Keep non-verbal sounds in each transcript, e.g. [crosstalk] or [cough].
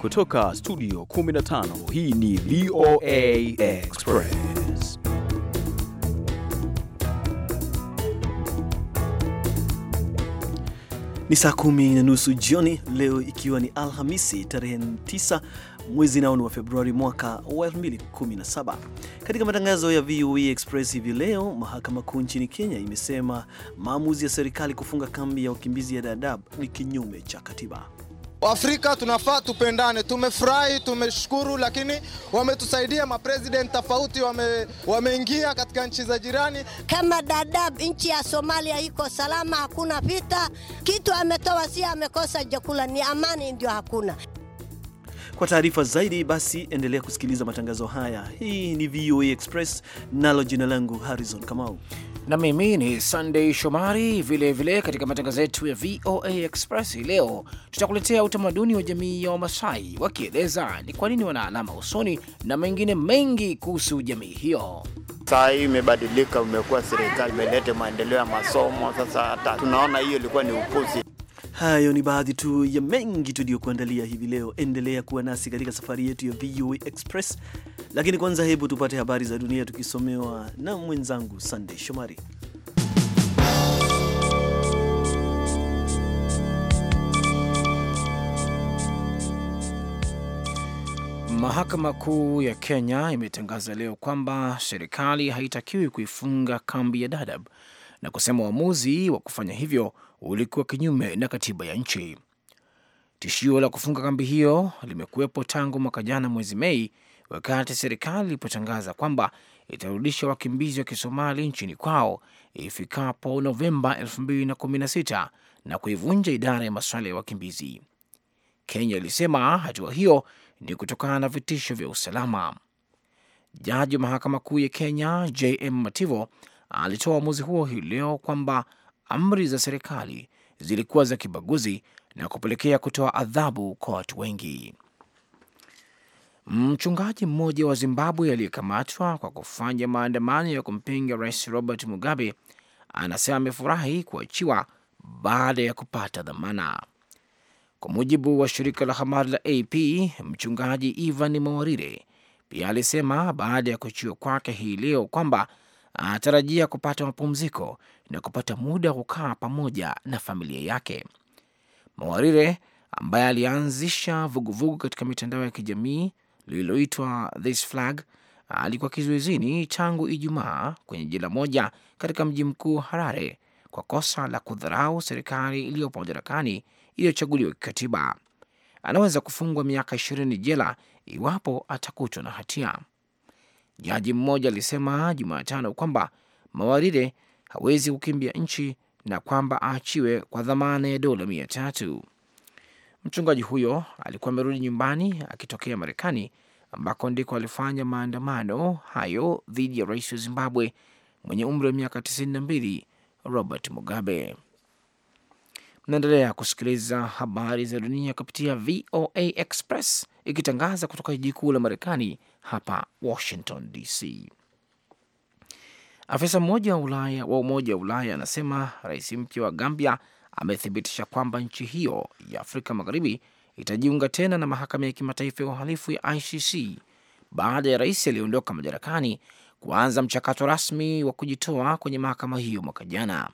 Kutoka studio 15 hii ni VOA Express. Ni saa kumi na nusu jioni leo, ikiwa ni Alhamisi tarehe 9 mwezi ni wa Februari mwaka wa 2017. Katika matangazo ya VOA Express hivi leo, mahakama kuu nchini Kenya imesema maamuzi ya serikali kufunga kambi ya wakimbizi ya Dadaab ni kinyume cha katiba. Afrika tunafaa tupendane. Tumefurahi, tumeshukuru, lakini wametusaidia mapresident tofauti, wameingia wame katika nchi za jirani kama Dadaab. Nchi ya Somalia iko salama, hakuna vita. Kitu ametoa si amekosa chakula, ni amani ndio hakuna. Kwa taarifa zaidi, basi endelea kusikiliza matangazo haya. Hii ni VOA Express, nalo jina langu Harrison Kamau na mimi ni Sunday Shomari. Vilevile vile katika matangazo yetu ya VOA Express hii leo tutakuletea utamaduni wa jamii ya Wamasai wakieleza ni kwa nini wana alama usoni na mengine mengi kuhusu jamii hiyo. Saa hii imebadilika, umekuwa serikali imeleta maendeleo ya masomo. Sasa hata tunaona hiyo ilikuwa ni upuzi. Hayo ni baadhi tu ya mengi tuliyokuandalia hivi leo. Endelea kuwa nasi katika safari yetu ya VOA Express, lakini kwanza, hebu tupate habari za dunia tukisomewa na mwenzangu Sandey Shomari. Mahakama Kuu ya Kenya imetangaza leo kwamba serikali haitakiwi kuifunga kambi ya Dadaab na kusema uamuzi wa kufanya hivyo ulikuwa kinyume na katiba ya nchi. Tishio la kufunga kambi hiyo limekuwepo tangu mwaka jana mwezi Mei, wakati serikali ilipotangaza kwamba itarudisha wakimbizi wa Kisomali nchini kwao ifikapo Novemba 2016 na kuivunja idara ya masuala ya wakimbizi. Kenya ilisema hatua hiyo ni kutokana na vitisho vya usalama. Jaji wa mahakama kuu ya Kenya JM Mativo alitoa uamuzi huo hii leo kwamba amri za serikali zilikuwa za kibaguzi na kupelekea kutoa adhabu kwa watu wengi. Mchungaji mmoja wa Zimbabwe aliyekamatwa kwa kufanya maandamano ya kumpinga Rais Robert Mugabe anasema amefurahi kuachiwa baada ya kupata dhamana. Kwa mujibu wa shirika la habari la AP, mchungaji Ivan Mawarire pia alisema baada ya kuachiwa kwake hii leo kwamba anatarajia kupata mapumziko na kupata muda wa kukaa pamoja na familia yake. Mawarire ambaye alianzisha vuguvugu katika mitandao ya kijamii lililoitwa This Flag alikuwa kizuizini tangu Ijumaa kwenye jela moja katika mji mkuu Harare kwa kosa la kudharau serikali iliyopo madarakani iliyochaguliwa kikatiba. Anaweza kufungwa miaka ishirini jela iwapo atakutwa na hatia. Jaji mmoja alisema Jumatano kwamba Mawarire hawezi kukimbia nchi na kwamba aachiwe kwa dhamana ya dola mia tatu. Mchungaji huyo alikuwa amerudi nyumbani akitokea Marekani, ambako ndiko alifanya maandamano hayo dhidi ya rais wa Zimbabwe mwenye umri wa miaka 92 Robert Mugabe. Mnaendelea kusikiliza habari za dunia kupitia VOA Express ikitangaza kutoka jiji kuu la Marekani, hapa Washington DC. Afisa mmoja wa Ulaya wa Umoja wa Ulaya anasema rais mpya wa Gambia amethibitisha kwamba nchi hiyo ya Afrika Magharibi itajiunga tena na mahakama ya kimataifa ya uhalifu ya ICC baada ya rais aliyeondoka madarakani kuanza mchakato rasmi wa kujitoa kwenye mahakama hiyo mwaka jana.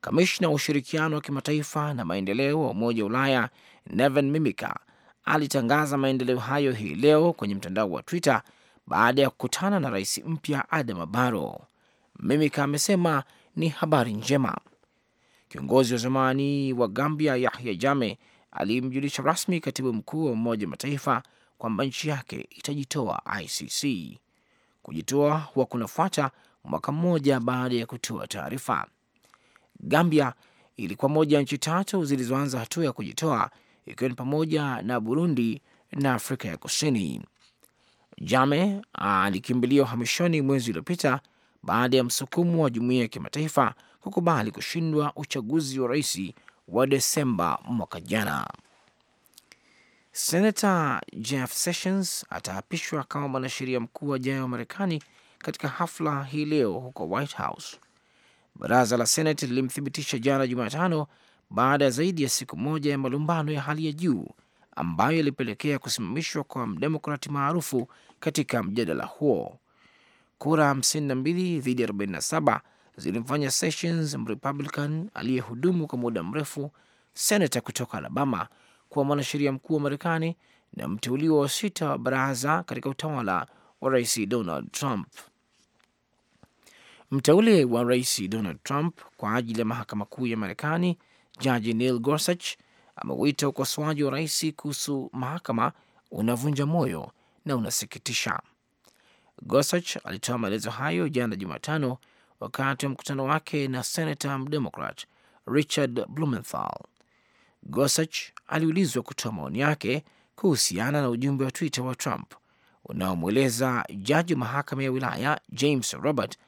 Kamishna wa ushirikiano wa kimataifa na maendeleo wa Umoja wa Ulaya Neven Mimica alitangaza maendeleo hayo hii leo kwenye mtandao wa Twitter baada ya kukutana na rais mpya Adama Barrow. Mimika amesema ni habari njema. Kiongozi wa zamani wa Gambia Yahya Jame alimjulisha rasmi katibu mkuu wa Umoja wa Mataifa kwamba nchi yake itajitoa ICC. Kujitoa huwa kunafuata mwaka mmoja baada ya kutoa taarifa. Gambia ilikuwa moja ya nchi tatu zilizoanza hatua ya kujitoa ikiwa ni pamoja na Burundi na Afrika ya Kusini. Jame alikimbilia uhamishoni mwezi uliopita baada ya msukumo wa jumuiya ya kimataifa kukubali kushindwa uchaguzi wa rais wa Desemba mwaka jana. Senata Jeff Sessions ataapishwa kama mwanasheria mkuu jayo wa Marekani katika hafla hii leo huko White House. Baraza la Senate lilimthibitisha jana Jumatano baada ya zaidi ya siku moja ya malumbano ya hali ya juu ambayo ilipelekea kusimamishwa kwa mdemokrati maarufu katika mjadala huo. Kura 52 dhidi ya 47 zilimfanya Sessions, Mrepublican aliyehudumu kwa muda mrefu, senata kutoka Alabama, kuwa mwanasheria mkuu wa Marekani na mteuliwa wa sita wa baraza katika utawala wa Rais Donald Trump. Mteule wa Rais Donald Trump kwa ajili ya mahakama kuu ya Marekani, Jaji Neil Gorsuch amewita ukosoaji wa rais kuhusu mahakama unavunja moyo na unasikitisha. Gorsuch alitoa maelezo hayo jana Jumatano wakati wa mkutano wake na senata mdemokrat Richard Blumenthal. Gorsuch aliulizwa kutoa maoni yake kuhusiana na ujumbe wa Twitter wa Trump unaomweleza jaji wa mahakama ya wilaya James Robert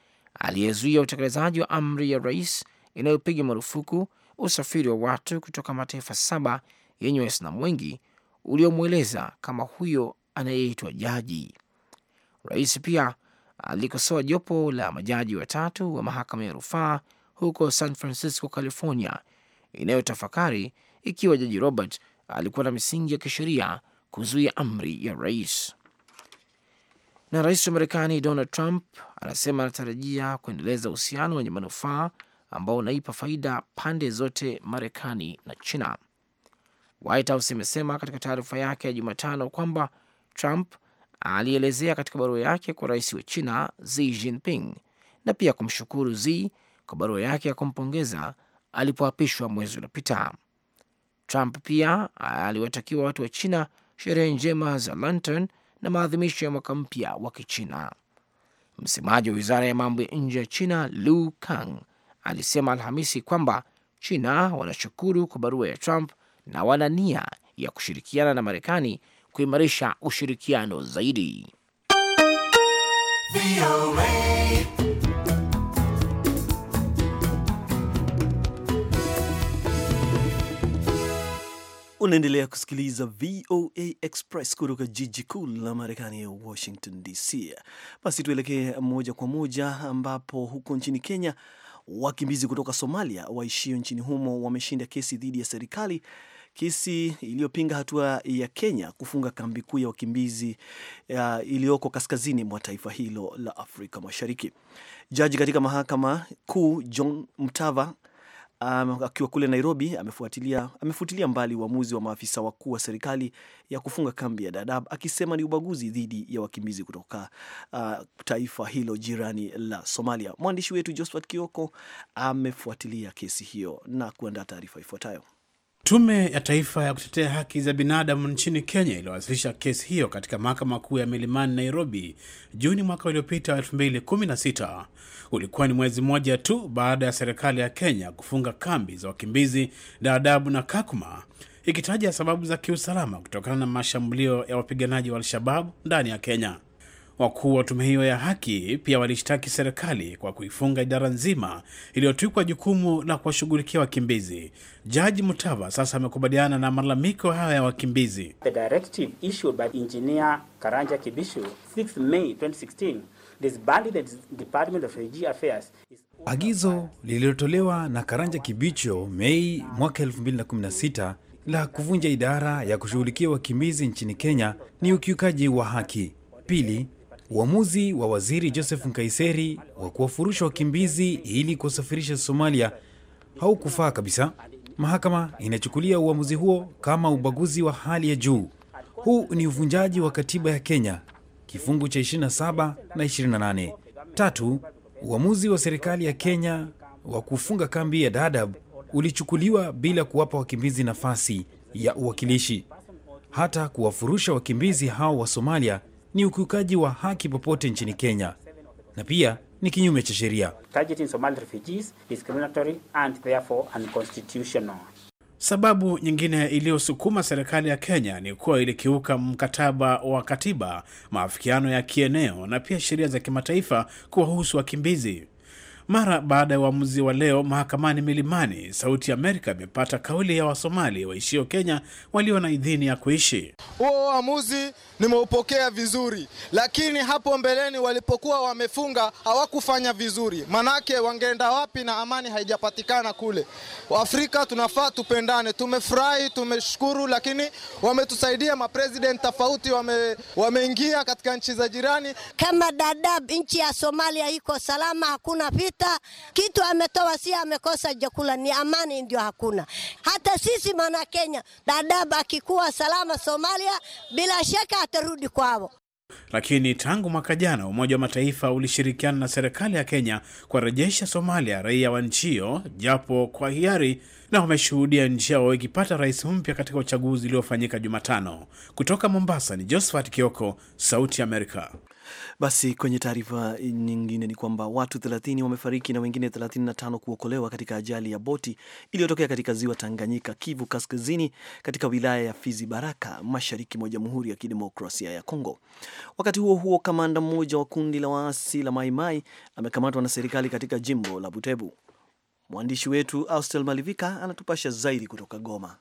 aliyezuia utekelezaji wa amri ya rais inayopiga marufuku usafiri wa watu kutoka mataifa saba yenye Waislamu wengi uliomweleza kama huyo anayeitwa jaji. Rais pia alikosoa jopo la majaji watatu wa mahakama ya rufaa huko San Francisco, California, inayotafakari ikiwa jaji Robert alikuwa na misingi ya kisheria kuzuia amri ya rais. Na rais wa Marekani Donald Trump anasema anatarajia kuendeleza uhusiano wenye manufaa ambao unaipa faida pande zote Marekani na China. White House imesema katika taarifa yake ya Jumatano kwamba Trump alielezea katika barua yake kwa rais wa China Xi Jinping na pia kumshukuru Xi kwa barua yake ya kumpongeza alipoapishwa mwezi uliopita. Trump pia aliwatakiwa watu wa China sherehe njema za Lantern na maadhimisho ya mwaka mpya wa Kichina. Msemaji wa wizara ya mambo ya nje ya China Lu Kang alisema Alhamisi kwamba China wanashukuru kwa barua ya Trump na wana nia ya kushirikiana na Marekani kuimarisha ushirikiano zaidi. Unaendelea kusikiliza VOA Express kutoka jiji kuu la Marekani ya Washington DC. Basi tuelekee moja kwa moja ambapo huko nchini Kenya wakimbizi kutoka Somalia waishio nchini humo wameshinda kesi dhidi ya serikali kesi iliyopinga hatua ya Kenya kufunga kambi kuu ya wakimbizi iliyoko kaskazini mwa taifa hilo la Afrika Mashariki. Jaji katika mahakama kuu John Mtava Um, akiwa kule Nairobi amefuatilia amefutilia mbali uamuzi wa maafisa wakuu wa serikali ya kufunga kambi ya Dadaab akisema ni ubaguzi dhidi ya wakimbizi kutoka uh, taifa hilo jirani la Somalia. Mwandishi wetu Josphat Kioko amefuatilia kesi hiyo na kuandaa taarifa ifuatayo. Tume ya Taifa ya Kutetea Haki za Binadamu nchini Kenya iliwasilisha kesi hiyo katika Mahakama Kuu ya Milimani, Nairobi, Juni mwaka uliopita 2016. Ulikuwa ni mwezi mmoja tu baada ya serikali ya Kenya kufunga kambi za wakimbizi Dadaab na Kakuma, ikitaja sababu za kiusalama kutokana na mashambulio ya wapiganaji wa al shababu ndani ya Kenya. Wakuu wa tume hiyo ya haki pia walishtaki serikali kwa kuifunga idara nzima iliyotwikwa jukumu la kuwashughulikia wakimbizi. Jaji Mutava sasa amekubaliana na malalamiko haya ya wakimbizi. The directive issued by engineer Karanja Kibishu 6 May 2016 disbanded the Department of Refugee Affairs. Agizo lililotolewa na Karanja Kibicho Mei mwaka 2016 la kuvunja idara ya kushughulikia wakimbizi nchini Kenya ni ukiukaji wa haki. Pili, Uamuzi wa waziri Joseph Nkaiseri wa kuwafurusha wakimbizi ili kuwasafirisha Somalia haukufaa kabisa. Mahakama inachukulia uamuzi huo kama ubaguzi wa hali ya juu. Huu ni uvunjaji wa katiba ya Kenya kifungu cha 27 na 28. Tatu, uamuzi wa serikali ya Kenya wa kufunga kambi ya Dadaab ulichukuliwa bila kuwapa wakimbizi nafasi ya uwakilishi. Hata kuwafurusha wakimbizi hao wa Somalia ni ukiukaji wa haki popote nchini Kenya na pia ni kinyume cha sheria. Sababu nyingine iliyosukuma serikali ya Kenya ni kuwa ilikiuka mkataba wa katiba, maafikiano ya kieneo na pia sheria za kimataifa kuwahusu wakimbizi. Mara baada ya uamuzi wa leo mahakamani Milimani, Sauti ya Amerika imepata kauli ya Wasomali waishio Kenya walio na idhini ya kuishi. Huo uamuzi nimeupokea vizuri, lakini hapo mbeleni walipokuwa wamefunga hawakufanya vizuri, manake wangeenda wapi na amani haijapatikana kule? Afrika tunafaa tupendane. Tumefurahi, tumeshukuru, lakini wametusaidia mapresident tofauti, wameingia wame katika nchi za jirani kama Dadaab. Nchi ya Somalia iko salama, hakuna vita vita, kitu ametoa si amekosa chakula, ni amani ndio hakuna. Hata sisi mwana Kenya, Dadaab akikuwa salama Somalia, bila shaka atarudi kwao. Lakini tangu mwaka jana Umoja wa Mataifa ulishirikiana na serikali ya Kenya kuwarejesha Somalia raia wa nchi hiyo, japo kwa hiari, na wameshuhudia nchi yao ikipata rais mpya katika uchaguzi uliofanyika Jumatano. Kutoka Mombasa ni Josephat Kioko, Sauti ya Amerika. Basi kwenye taarifa nyingine ni kwamba watu 30 wamefariki na wengine 35 kuokolewa katika ajali ya boti iliyotokea katika ziwa Tanganyika, Kivu Kaskazini, katika wilaya ya Fizi Baraka, mashariki mwa Jamhuri ya Kidemokrasia ya Kongo. Wakati huo huo, kamanda mmoja wa kundi la waasi la Maimai amekamatwa na serikali katika jimbo la Butebu. Mwandishi wetu Austel Malivika anatupasha zaidi kutoka Goma.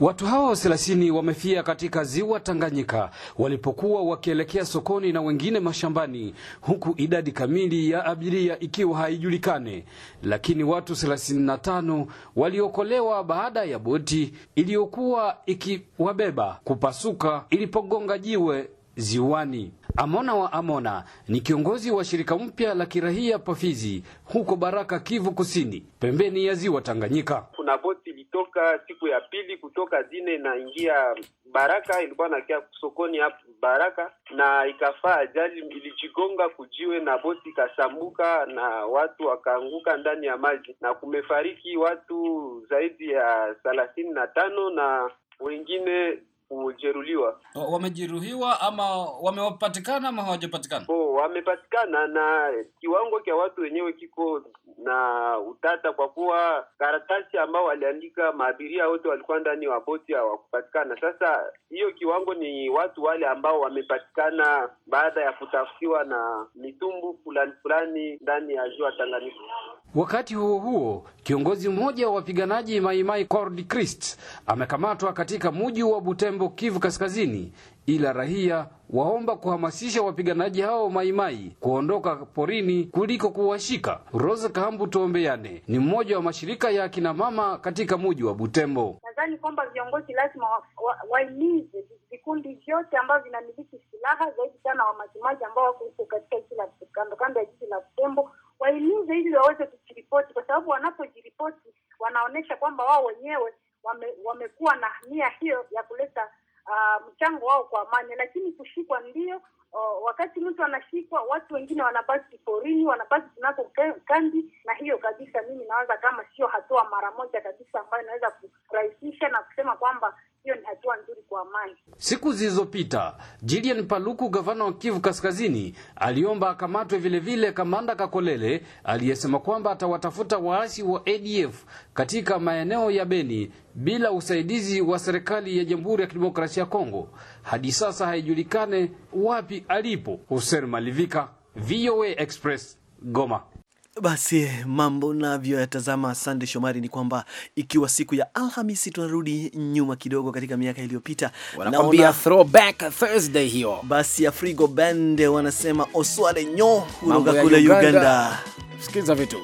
Watu hao thelathini wamefia katika ziwa Tanganyika walipokuwa wakielekea sokoni na wengine mashambani, huku idadi kamili ya abiria ikiwa haijulikane, lakini watu thelathini na tano waliokolewa baada ya boti iliyokuwa ikiwabeba kupasuka ilipogonga jiwe ziwani. Amona wa Amona ni kiongozi wa shirika mpya la kirahia Pafizi huko Baraka, Kivu Kusini, pembeni ya ziwa Tanganyika. Kuna boti kutoka siku ya pili kutoka dine inaingia Baraka, ilikuwa nakia sokoni hapa Baraka na ikafaa ajali, ilijigonga kujiwe na boti ikasambuka na watu wakaanguka ndani ya maji na kumefariki watu zaidi ya thelathini na tano na wengine kujeruhiwa. Wamejeruhiwa ama wamepatikana ama hawajapatikana? Oh, wamepatikana na kiwango cha watu wenyewe kiko na utata, kwa kuwa karatasi ambao waliandika maabiria wote walikuwa ndani wa boti hawakupatikana. Sasa hiyo kiwango ni watu wale ambao wamepatikana baada ya kutafutiwa na mitumbu fulani fulani ndani ya ziwa Tanganyika. Wakati huo huo, kiongozi mmoja wa wapiganaji Maimai Cord Christ amekamatwa katika mji wa Butembo, Kivu Kaskazini, ila rahia waomba kuhamasisha wapiganaji hao Maimai kuondoka porini kuliko kuwashika. Rose Kahambu Tombeyane ni mmoja wa mashirika ya kina mama katika mji wa Butembo. Nadhani kwamba viongozi lazima waimize wa, wa vikundi vyote ambavyo vinamiliki silaha zaidi sana wa majimaji ambao wako huko katika kando kando ya jiji la Butembo waimize ili waweze sababu wanapojiripoti wanaonyesha kwamba wao wenyewe wame, wamekuwa na nia hiyo ya kuleta uh, mchango wao kwa amani, lakini kushikwa ndio uh, wakati mtu anashikwa, watu wengine wanabaki porini, wanabaki tunako kambi, na hiyo kabisa mimi nawaza kama sio hatua mara moja kabisa ambayo inaweza kurahisisha na kusema kwamba hiyo ni hatua nzuri kwa amani. Siku zilizopita Julian Paluku, gavana wa Kivu Kaskazini, aliomba akamatwe vilevile kamanda Kakolele aliyesema kwamba atawatafuta waasi wa ADF katika maeneo ya Beni bila usaidizi wa serikali ya Jamhuri ya Kidemokrasia ya Kongo. Hadi sasa haijulikane wapi alipo. Hussein Malivika, VOA Express, Goma. Basi eh, mambo navyoyatazama Sande Shomari, ni kwamba ikiwa siku ya Alhamisi, tunarudi nyuma kidogo katika miaka iliyopita, wanakuambia throwback Thursday hiyo. Basi Afrigo Band wanasema oswale nyo kutoka kule Uganda, Uganda. Sikiliza vitu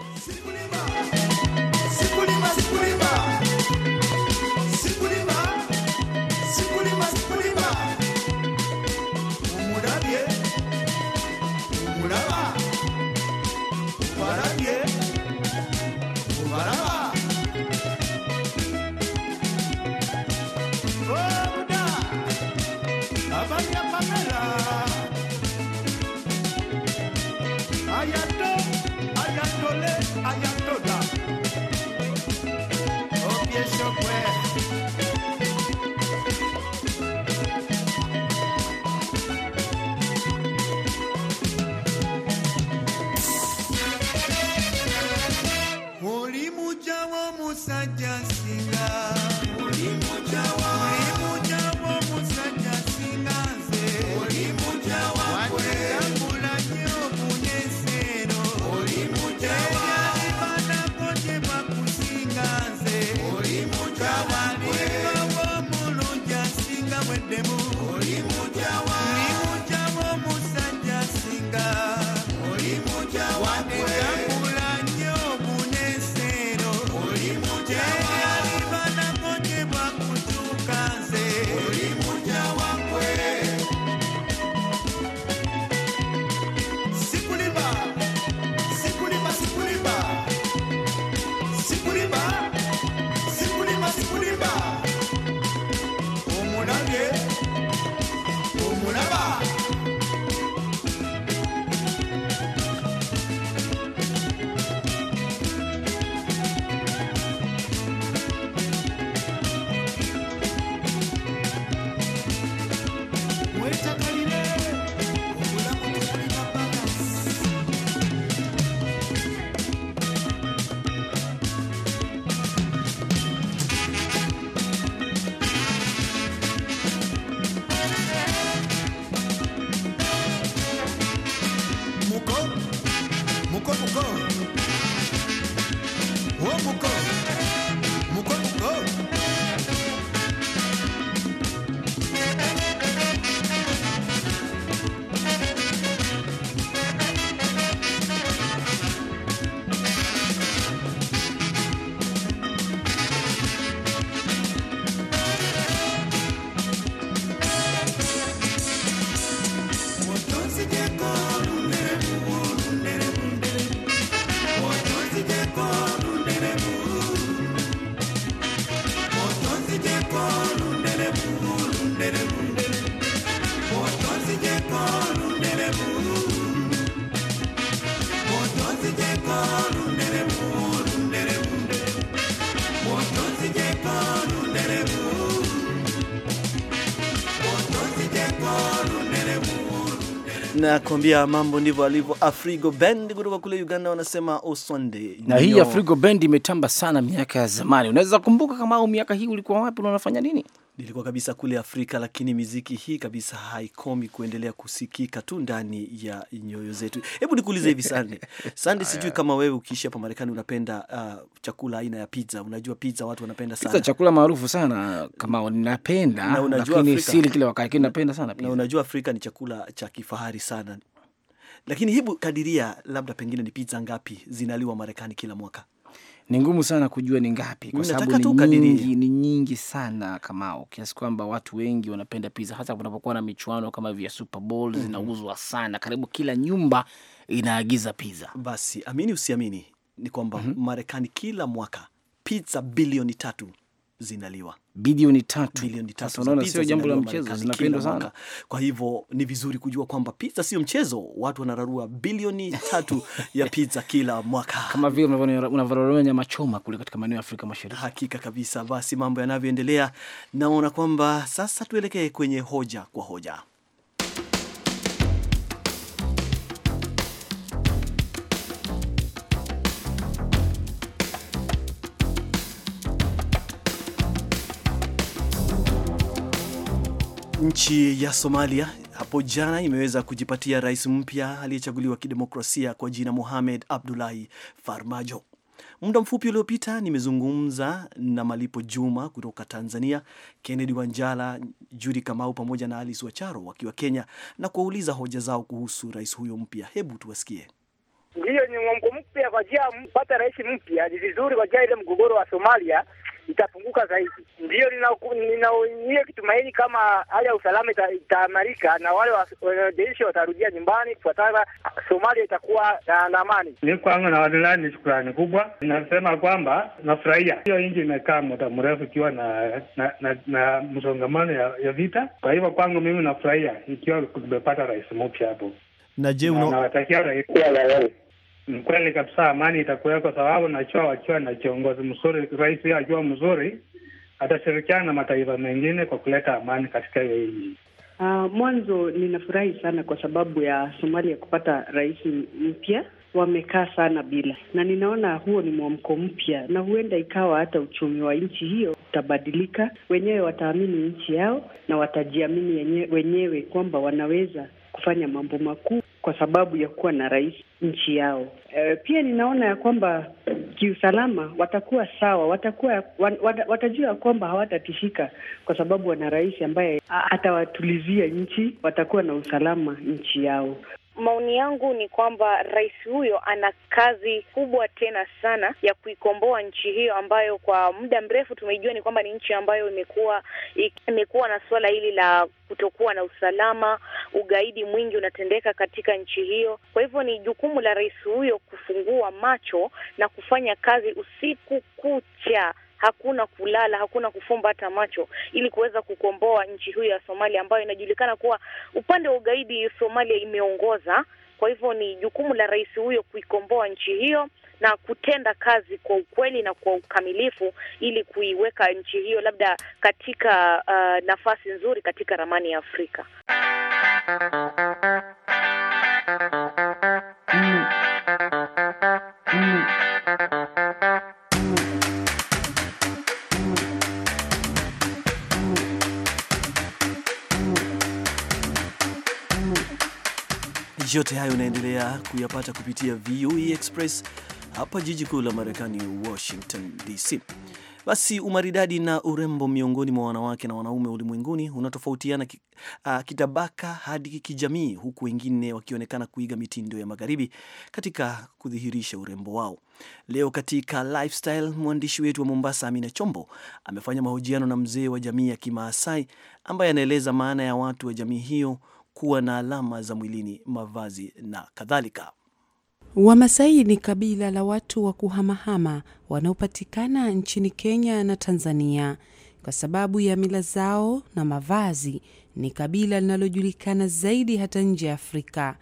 nakwambia mambo ndivyo alivyo. Afrigo Bend kutoka kule Uganda wanasema Oswande. Na hii Afrigo Bend imetamba sana miaka ya zamani, unaweza kumbuka kama au miaka hii ulikuwa wapi na unafanya nini? nilikuwa kabisa kule Afrika, lakini miziki hii kabisa haikomi kuendelea kusikika tu ndani ya nyoyo zetu. Hebu nikuulize hivi Sande, [laughs] Sande, sijui kama wewe ukiishi hapa Marekani unapenda uh, chakula aina ya pizza. Unajua pizza watu wanapenda sana pizza, chakula maarufu sana kama napenda, na unajua, lakini sili kila wakati, lakini napenda sana pizza. Na unajua Afrika ni chakula cha kifahari sana, lakini hebu kadiria, labda pengine ni pizza ngapi zinaliwa Marekani kila mwaka? ni ngumu sana kujua ni ngapi, kwa sababu ni nyingi, ni nyingi sana kamao, kiasi kwamba watu wengi wanapenda pizza, hasa kunapokuwa na michuano kama vya Super Bowl mm -hmm. zinauzwa sana, karibu kila nyumba inaagiza pizza. Basi amini usiamini, ni kwamba mm -hmm. Marekani kila mwaka pizza bilioni tatu zinaliwa bilioni tatu. Bilioni tatu. Unaona, sio jambo la mchezo, zinapendwa sana. Kwa hivyo ni vizuri kujua kwamba pizza sio mchezo, watu wanararua bilioni [laughs] tatu ya pizza kila mwaka, kama vile unavyorarua nyama choma kule katika maeneo ya Afrika Mashariki. Hakika kabisa. Basi mambo yanavyoendelea, naona kwamba sasa tuelekee kwenye hoja kwa hoja. Nchi ya Somalia hapo jana imeweza kujipatia rais mpya aliyechaguliwa kidemokrasia kwa jina Mohamed Abdullahi Farmajo. Muda mfupi uliopita nimezungumza na Malipo Juma kutoka Tanzania, Kennedy Wanjala, Judi Kamau pamoja na Alice Wacharo wakiwa Kenya na kuwauliza hoja zao kuhusu rais huyo mpya. Hebu tuwasikie. Ndiyo, ni mwamko mpya kwa jia mpata rais mpya ni vizuri kwa jia ile mgogoro wa Somalia itapunguka zaidi. Ndiyo ninaonia kitumaini kama hali ya usalama itaimarika na wale wanajeshi watarudia nyumbani, kufuatana Somalia itakuwa na amani. kwangu na wanilani ni shukurani kubwa, nasema kwamba nafurahia hiyo nchi imekaa muda mrefu ikiwa na na, na, na msongamano ya, ya vita. Kwa hivyo kwangu mimi nafurahia ikiwa tumepata rais mpya hapo, na je, unawatakia rais ni kweli kabisa, amani itakuwepo kwa sababu najua wakiwa na kiongozi mzuri, rais huyo akiwa mzuri, atashirikiana na mataifa mengine kwa kuleta amani katika hiyo nchi. Uh, mwanzo ninafurahi sana kwa sababu ya Somalia kupata rais mpya. Wamekaa sana bila, na ninaona huo ni mwamko mpya, na huenda ikawa hata uchumi wa nchi hiyo utabadilika. Wenyewe wataamini nchi yao na watajiamini wenyewe kwamba wanaweza kufanya mambo makuu kwa sababu ya kuwa na rais nchi yao. E, pia ninaona ya kwamba kiusalama watakuwa sawa, watakuwa wat, watajua kwamba hawatatishika kwa sababu wana rais ambaye atawatulizia nchi, watakuwa na usalama nchi yao. Maoni yangu ni kwamba rais huyo ana kazi kubwa tena sana ya kuikomboa nchi hiyo ambayo kwa muda mrefu tumeijua ni kwamba ni nchi ambayo imekuwa imekuwa na suala hili la kutokuwa na usalama, ugaidi mwingi unatendeka katika nchi hiyo. Kwa hivyo ni jukumu la rais huyo kufungua macho na kufanya kazi usiku kucha hakuna kulala, hakuna kufumba hata macho, ili kuweza kukomboa nchi hiyo ya Somalia ambayo inajulikana kuwa upande wa ugaidi Somalia imeongoza. Kwa hivyo ni jukumu la rais huyo kuikomboa nchi hiyo na kutenda kazi kwa ukweli na kwa ukamilifu ili kuiweka nchi hiyo labda katika uh, nafasi nzuri katika ramani ya Afrika. Yote hayo unaendelea kuyapata kupitia VOA e Express hapa jiji kuu la Marekani, Washington DC. Basi umaridadi na urembo miongoni mwa wanawake na wanaume ulimwenguni unatofautiana kitabaka hadi kijamii, huku wengine wakionekana kuiga mitindo ya magharibi katika kudhihirisha urembo wao. Leo katika lifestyle, mwandishi wetu wa Mombasa Amina Chombo amefanya mahojiano na mzee wa jamii ya Kimaasai ambaye anaeleza maana ya watu wa jamii hiyo kuwa na alama za mwilini, mavazi na kadhalika. Wamasai ni kabila la watu wa kuhamahama wanaopatikana nchini Kenya na Tanzania. Kwa sababu ya mila zao na mavazi, ni kabila linalojulikana zaidi hata nje ya Afrika.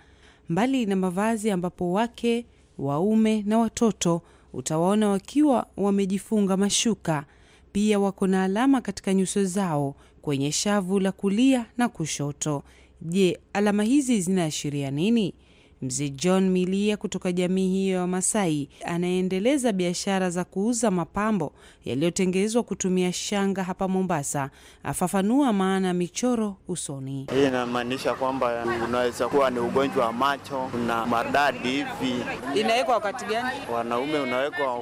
Mbali na mavazi, ambapo wake, waume na watoto utawaona wakiwa wamejifunga mashuka. Pia wako na alama katika nyuso zao, kwenye shavu la kulia na kushoto. Je, alama hizi zinaashiria nini? Mzee John Milia kutoka jamii hiyo ya Masai anaendeleza biashara za kuuza mapambo yaliyotengenezwa kutumia shanga hapa Mombasa. Afafanua maana ya michoro usoni. Hii inamaanisha kwamba unaweza kuwa ni ugonjwa wa macho, kuna maradhi hivi. Inawekwa wakati gani? Wanaume unawekwa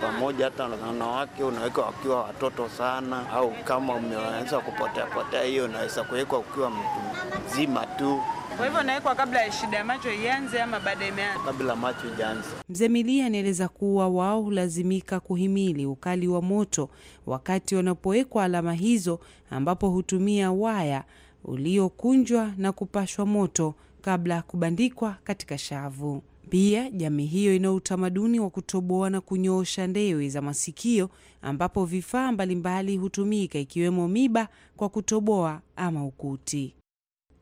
pamoja, hata wanawake unawekwa wakiwa watoto sana, au kama umeweza kupotea potea, hiyo unaweza kuwekwa ukiwa mtu mzima tu. Kwa hivyo nawekwa kabla ya shida ya macho ianze ama baada imeanza? Kabla macho ijaanza. Mzee Milia anaeleza kuwa wao hulazimika kuhimili ukali wa moto wakati wanapowekwa alama hizo, ambapo hutumia waya uliokunjwa na kupashwa moto kabla ya kubandikwa katika shavu. Pia jamii hiyo ina utamaduni wa kutoboa na kunyoosha ndewe za masikio, ambapo vifaa mbalimbali hutumika ikiwemo miba kwa kutoboa ama ukuti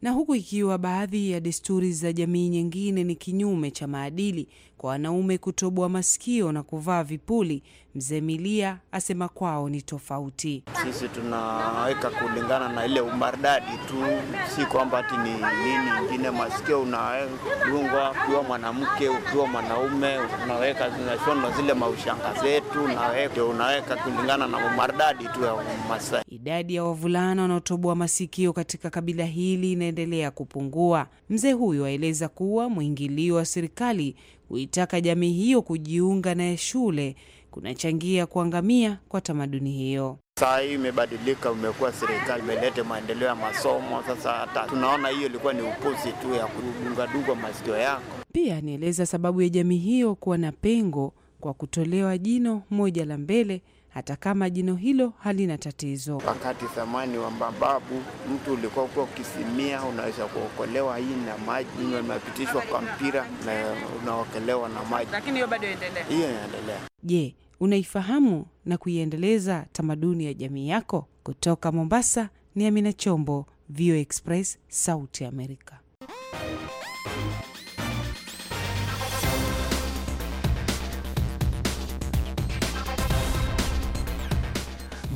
na huku ikiwa baadhi ya desturi za jamii nyingine ni kinyume cha maadili kwa wanaume kutoboa masikio na kuvaa vipuli, mzee Milia asema kwao ni tofauti. Sisi tunaweka kulingana na ile umaridadi tu, si kwamba ti ni nini ingine. Masikio unadungwa ukiwa mwanamke, ukiwa mwanaume, unaweka zinashona zile maushanga zetu, ndio unaweka kulingana na umaridadi tu ya Masai. Idadi ya wavulana wanaotoboa masikio katika kabila hili inaendelea kupungua. Mzee huyo aeleza kuwa mwingilio wa serikali huitaka jamii hiyo kujiunga naye shule kunachangia kuangamia kwa tamaduni hiyo. Saa hii imebadilika, umekuwa serikali imelete maendeleo ya masomo. Sasa hata tunaona hiyo ilikuwa ni upuzi tu ya kudungadungwa masikio yako. Pia anaeleza sababu ya jamii hiyo kuwa na pengo kwa kutolewa jino moja la mbele hata kama jino hilo halina tatizo. Wakati thamani wa mababu, mtu ulikuwa kuwa ukisimia unaweza kuokolewa, hii na maji jino limepitishwa kwa mpira na unaokelewa na maji, lakini hiyo bado inaendelea. Hiyo inaendelea. Je, unaifahamu na kuiendeleza tamaduni ya jamii yako? Kutoka Mombasa ni Amina Chombo, VOA Express, Sauti ya Amerika.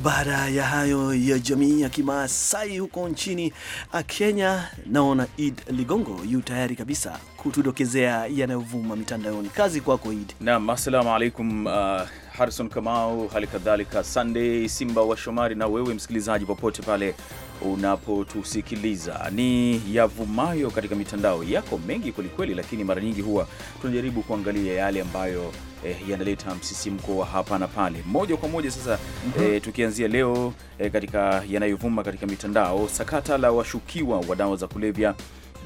Baada ya hayo ya jamii ya Kimaasai huko nchini uh, Kenya, naona Id Ligongo yu tayari kabisa kutudokezea yanayovuma mitandaoni. Kazi kwako Id. Naam, assalamu alaikum. Uh, Harison Kamau, hali kadhalika Sunday Simba wa Shomari na wewe msikilizaji, popote pale unapotusikiliza ni yavumayo katika mitandao yako mengi kwelikweli, lakini mara nyingi huwa tunajaribu kuangalia yale ambayo eh, yanaleta msisimko wa hapa na pale. Moja kwa moja sasa mm -hmm. eh, tukianzia leo eh, katika yanayovuma katika mitandao, sakata la washukiwa wa dawa za kulevya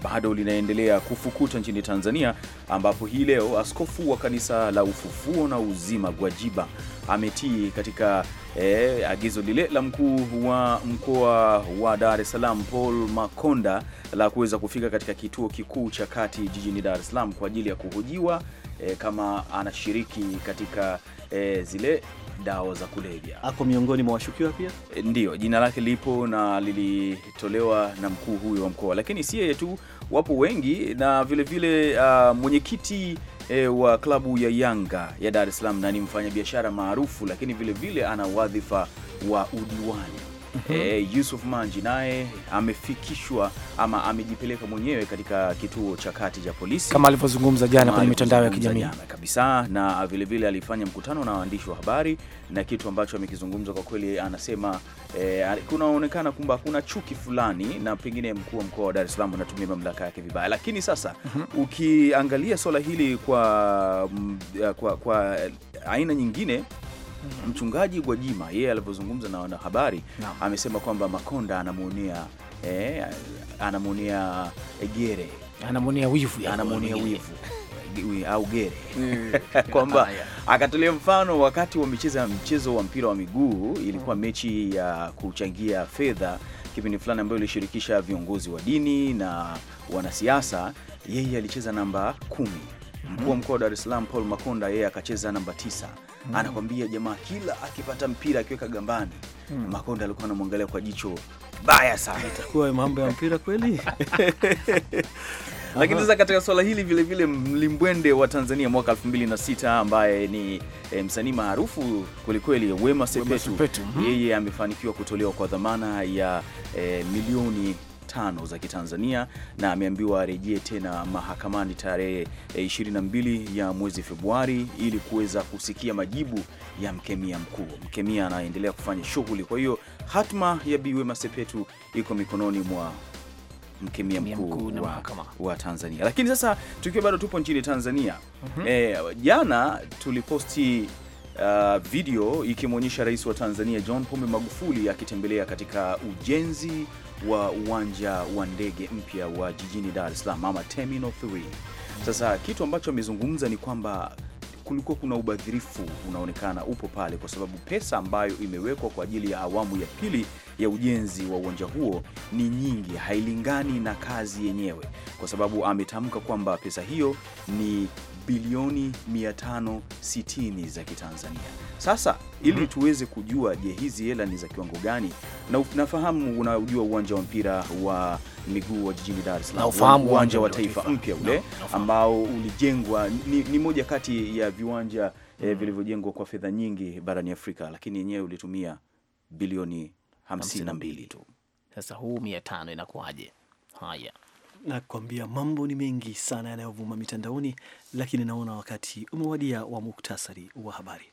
bado linaendelea kufukuta nchini Tanzania, ambapo hii leo askofu wa kanisa la Ufufuo na Uzima Gwajiba ametii katika eh, agizo lile la mkuu wa mkoa wa Dar es Salaam Paul Makonda la kuweza kufika katika kituo kikuu cha kati jijini Dar es Salaam kwa ajili ya kuhojiwa e, kama anashiriki katika e, zile dawa za kulevya. Ako miongoni mwa washukiwa pia e, eh, ndiyo jina lake lipo na lilitolewa na mkuu huyo wa mkoa, lakini si yeye tu, wapo wengi na vilevile uh, ah, mwenyekiti E, wa klabu ya Yanga ya Dar es Salaam na ni mfanyabiashara maarufu, lakini vilevile ana wadhifa wa udiwani mm -hmm. E, Yusuf Manji naye amefikishwa ama amejipeleka mwenyewe katika kituo cha kati cha polisi kama alivyozungumza jana kwenye mitandao ya kijamii kabisa, na vilevile alifanya mkutano na waandishi wa habari, na kitu ambacho amekizungumza kwa kweli anasema e, kunaonekana kwamba kuna chuki fulani, na pengine mkuu wa mkoa wa Dar es Salaam anatumia mamlaka yake vibaya. Lakini sasa mm -hmm. ukiangalia swala hili kwa, mm, kwa, kwa aina nyingine Mchungaji Gwajima yeye alivyozungumza na wanahabari no. amesema kwamba Makonda anamuonea eh, anamwonea gere anamuonea wivu anamuonea wivu au gere mm. [laughs] kwamba akatolea mfano wakati wamecheza mchezo wa mpira wa miguu, ilikuwa mm. mechi ya kuchangia fedha kipindi fulani ambayo ilishirikisha viongozi wa dini na wanasiasa. Yeye alicheza namba kumi mkuu wa mkoa wa Dar es Salaam Paul Makonda, yeye akacheza namba tisa. mm -hmm. Anakwambia jamaa kila akipata mpira akiweka gambani mm -hmm. Makonda alikuwa anamwangalia kwa jicho baya sana. Itakuwa mambo ya mpira kweli [laughs] Lakini sasa katika swala hili vilevile mlimbwende wa Tanzania mwaka 2006 ambaye ni e, msanii maarufu kwelikweli Wema Sepetu, mm-hmm. yeye amefanikiwa kutolewa kwa dhamana ya e, milioni tano za Kitanzania na ameambiwa arejee tena mahakamani tarehe 22 e, ya mwezi Februari ili kuweza kusikia majibu ya mkemia mkuu. Mkemia anaendelea kufanya shughuli, kwa hiyo hatma ya Bi Wema Sepetu iko mikononi mwa mkemia mkuu wa, wa Tanzania. Lakini sasa tukiwa bado tupo nchini Tanzania, mm -hmm. E, jana tuliposti uh, video ikimwonyesha rais wa Tanzania John Pombe Magufuli akitembelea katika ujenzi wa uwanja wa ndege mpya wa jijini Dar es Salaam ama Terminal 3. Sasa kitu ambacho amezungumza ni kwamba kulikuwa kuna ubadhirifu unaonekana upo pale, kwa sababu pesa ambayo imewekwa kwa ajili ya awamu ya pili ya ujenzi wa uwanja huo ni nyingi, hailingani na kazi yenyewe, kwa sababu ametamka kwamba pesa hiyo ni bilioni 560 za Kitanzania. Sasa ili mhm. tuweze kujua, je, hizi hela ni za kiwango gani? Na nafahamu unajua uwanja wa mpira wa miguu wa jijini Dar es Salaam, uwanja wa Taifa mpya ule ambao ulijengwa, ni, ni moja kati ya viwanja eh, mm. vilivyojengwa kwa fedha nyingi barani Afrika, lakini yenyewe ulitumia bilioni 52 tu. Sasa huu 500 inakuwaje? Haya kuambia mambo ni mengi sana yanayovuma mitandaoni, lakini naona wakati umewadia wa muktasari wa habari.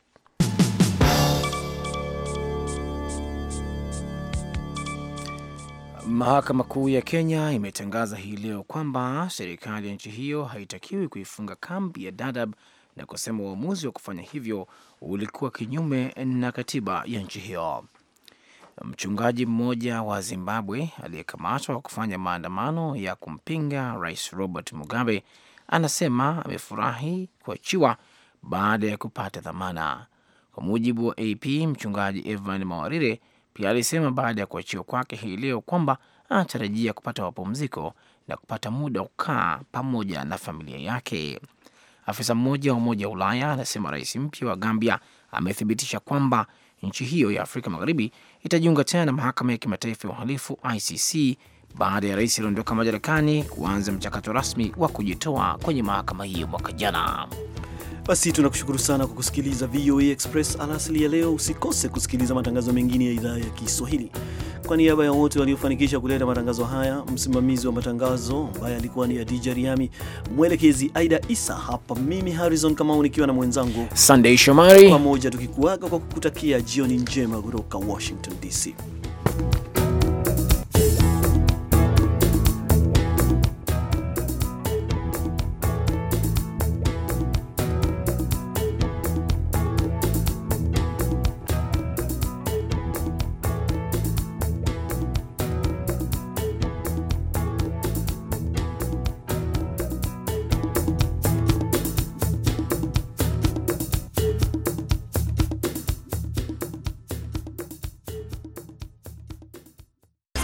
Mahakama Kuu ya Kenya imetangaza hii leo kwamba serikali ya nchi hiyo haitakiwi kuifunga kambi ya Dadaab na kusema uamuzi wa kufanya hivyo ulikuwa kinyume na katiba ya nchi hiyo. Mchungaji mmoja wa Zimbabwe aliyekamatwa kwa kufanya maandamano ya kumpinga Rais Robert Mugabe anasema amefurahi kuachiwa baada ya kupata dhamana. Kwa mujibu wa AP, mchungaji Evan Mawarire pia alisema baada ya kuachiwa kwake hii leo kwamba anatarajia kupata mapumziko na kupata muda wa kukaa pamoja na familia yake. Afisa mmoja wa Umoja wa Ulaya anasema rais mpya wa Gambia amethibitisha kwamba nchi hiyo ya Afrika Magharibi itajiunga tena na mahakama ya kimataifa ya uhalifu ICC baada ya rais aliondoka madarakani kuanza mchakato rasmi wa kujitoa kwenye mahakama hiyo mwaka jana. Basi tunakushukuru sana kwa kusikiliza VOA e Express alasili ya leo. Usikose kusikiliza matangazo mengine ya idhaa ya Kiswahili. Kwa niaba ya wote waliofanikisha kuleta matangazo haya, msimamizi wa matangazo ambaye alikuwa ni Adija Riami, mwelekezi Aida Isa, hapa mimi Harrison Kamau nikiwa na mwenzangu Sunday Shomari, pamoja tukikuaga kwa kukutakia jioni njema kutoka Washington DC.